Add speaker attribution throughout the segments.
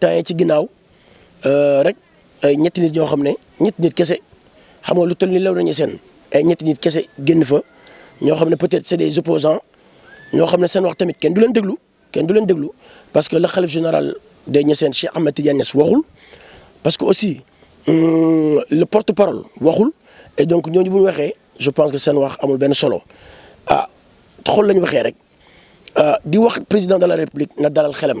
Speaker 1: temps ci ginnaw euh rek ay ñetti nit ñoo xamné ne nit kessé xamoo lu toll ni law nañu seen ay ñet nit kessé genn fa ño xamné peut-être c'est des opposants ño xamné ne seen wax tamit kenn du len déglu kenn du len déglu parce que le khalife général des Niassènes Cheikh Ahmed Tidiane waxul parce que aussi hum, le porte-parole waxul et donc ñoñu bu waxé je pense que seen wax amul ben solo ah xool la waxé rek euh di wax président de la république na dalal xelam.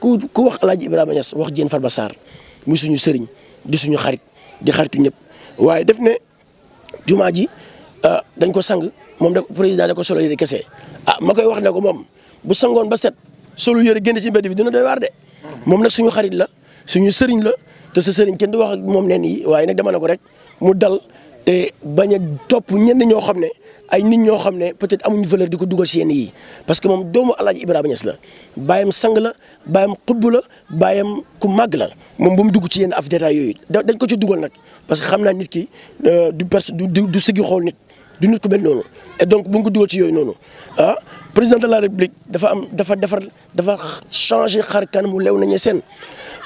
Speaker 1: ku ku wax El Hadj Ibrahima Niass wax Diène ba Sarr muy suñu sëriñ di suñu xarit di xaritu ñëpp waaye def ne jumaa ji ah, dañ ko sang moom da président da ko solo yëre kese ah ma koy wax ne ko moom bu sangoon ba set solo yëre génn si mbedd bi dina doy waar de moom nag suñu xarit la suñu sëriñ la te sa sëriñ kenn du wax ak moom neen yi waaye nag dama ko rek mu dal te bañ a topp ñenn ñoo xam ne ay nit ñoo peut-être amuñu valeur diko duggal yi parce que mom doomu Alaaji Ibrahima Niass la bayam sang la bayam la ku mag la mom bu mu dugg ci yenn af detaay dañ ko ci duggal parce que xamna nit ki euh, du du xol nit du nit ku et donc bu ko ci ah président de la république dafa am dafa gens. dafa changer xar kanamu lew nañu seen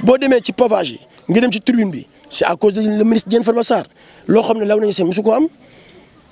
Speaker 1: bo démé ci pavage dem tribune c'est à cause du ministre Diène Farba Sarr nañu seen musuko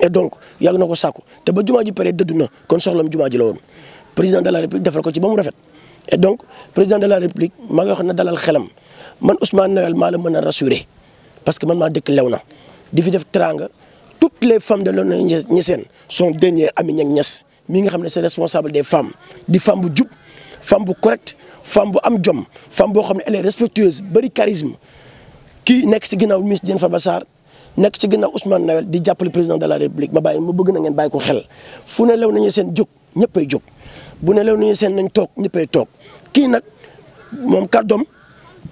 Speaker 1: et donc yàgg na ko te ba jumaa ji pare dëdd na kon soxlam jumaa ji la président de la république defal ko ci bamou rafet et donc président de la république ma nga xone dalal xelam man Ousmane Noël maa la rassuré parce que man ma dëkk lewna di fi def teraanga toutes les femmes de Léona Niassène sont dernier ami ñak ñess mi nga xam c'est responsable des femmes di femme bu djub femme bu correct femme bu am djom femme bo xam elle est respectueuse bari charisme qui nek ci ginaaw ministre Diène Farba nekk ci ginnaaw Ousmane Noël di jàppale président de la république ma bàyyi ma bëgg na ngeen bàyyi ko xel fu ne lew nañu seen jóg ñëppay jóg bu ne lew nañu seen nañu toog ñëppay toog kii nag moom kàddoom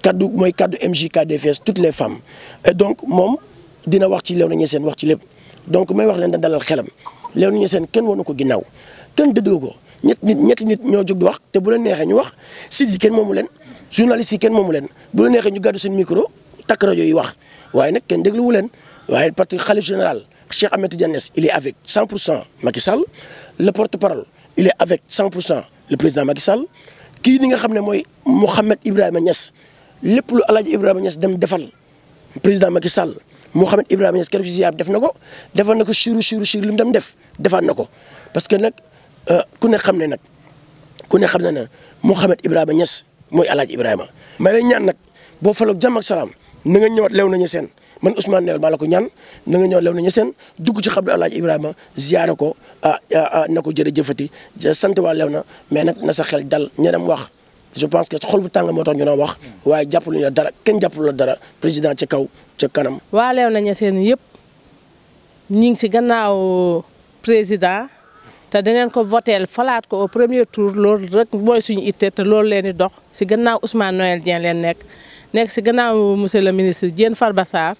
Speaker 1: kaddu mooy kaddu MJKDFS toutes les femmes et donc moom dina wax ci lew nañu seen wax ci lépp donc may wax leen da dalal xelam lew nañu seen kenn wanu ko ginnaaw kenn dëddoo ko ñett nit ñetti nit ñoo jóg di wax te bu la neexee ñu wax site yi kenn moomu leen journaliste yi kenn moomu leen bu la neexee ñu gàddu seen micro takra rajo wax waaye nak ken deglu wulen waaye parti khalif general Cheikh Ahmed Tidiane il est avec 100 pour Macky Sall le porte-parole il est avec 100 le président Macky Sall kii ni nga xam moy mohamed Ibrahima Niass lepp lu aladji Hadj Ibrahima Niass dem defal président Macky Sall Mouhamed Ibrahima Niass keroog si ziar def nako defal nako ko Chiru, chiru, suuru dem def defal nako parce que euh, nag ku ne xam nak ku ne xam na mohamed Mouhamed Ibrahima Niass moy aladji Ibrahima. ma lay ñaan nak bo falok jàmm ak na nga ñëwaat lew nañu seen man Ousmane Noël maa la ko ñan na nga ñëwaat lew nañu seen dugg ci xabru Alaaji Ibrahima ziyaare ko ah ah, ah na ko jërëjëfati sant waa lew na mais nag na sa xel dal ñeneen wax. je pense que xol bu tàng moo tax ñu doon wax waaye jàppaluñu la dara kenn jàppalu la dara président ci kaw ca kanam.
Speaker 2: waa lew nañu seen yëpp ñu ngi ci gannaaw président. te deneen ko voteel falaat ko au premier tour loolu rek mooy suñu itte te loolu leen di dox ci gannaaw Ousmane Noël Dieng leen nekk nek ci gannaaw monsieur le ministre Diène Farbassar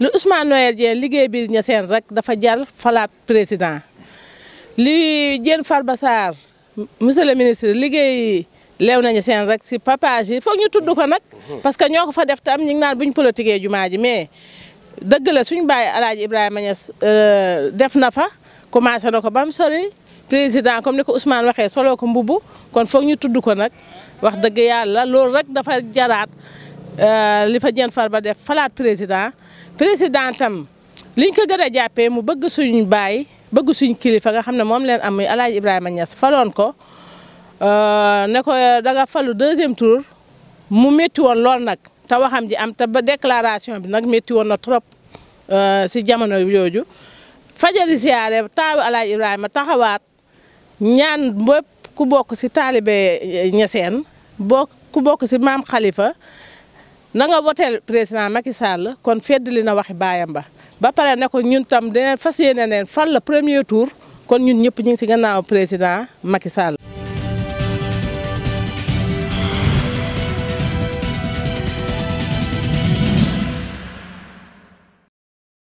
Speaker 2: le lu Ousmane Noël Diène liggéey biir Niassène rek dafa jall falaat président li Diène Farbassar monsieur le ministre liguey leew nañu seen rek ci papage yi ñu tuddu ko nak parce que ñoko fa def tam ñu ngi naan buñ politiquer jumaaji mais deug la suñ baye Aladji Ibrahima euh def na fa commencé nako bam sori président comme niko Ousmane waxé solo ko mbubu kon fokk ñu tuddu ko nak wax deug yàlla lool rek dafa jaraat Euh, li fa Diène ba def falaat président président tam liñ ko gën a jàppee mu bëgg suñu baay bëgg suñ kilifa nga xam ne moom leen am muy El Hadj Ibrahima Niass faloon ko euh, ne ko danga falu deuxième tour mu métti woon lool nag te waxam ji am te ba déclaration bi nag métti woon na trop euh, si jamono yooju fajari siyaare taawu El Hadj Ibrahima taxawaat ñaan bépp ku bokk si taalibe ñeseen bokk ku bokk si maam Khalifa. na nga woteel président Macky Sall kon feddali na waxi baayam ba ba pare ne ko ñun tam dina fas yéene neen fal la premier tour kon ñun ñëpp ñu ngi ci gannaaw président Macky Sall.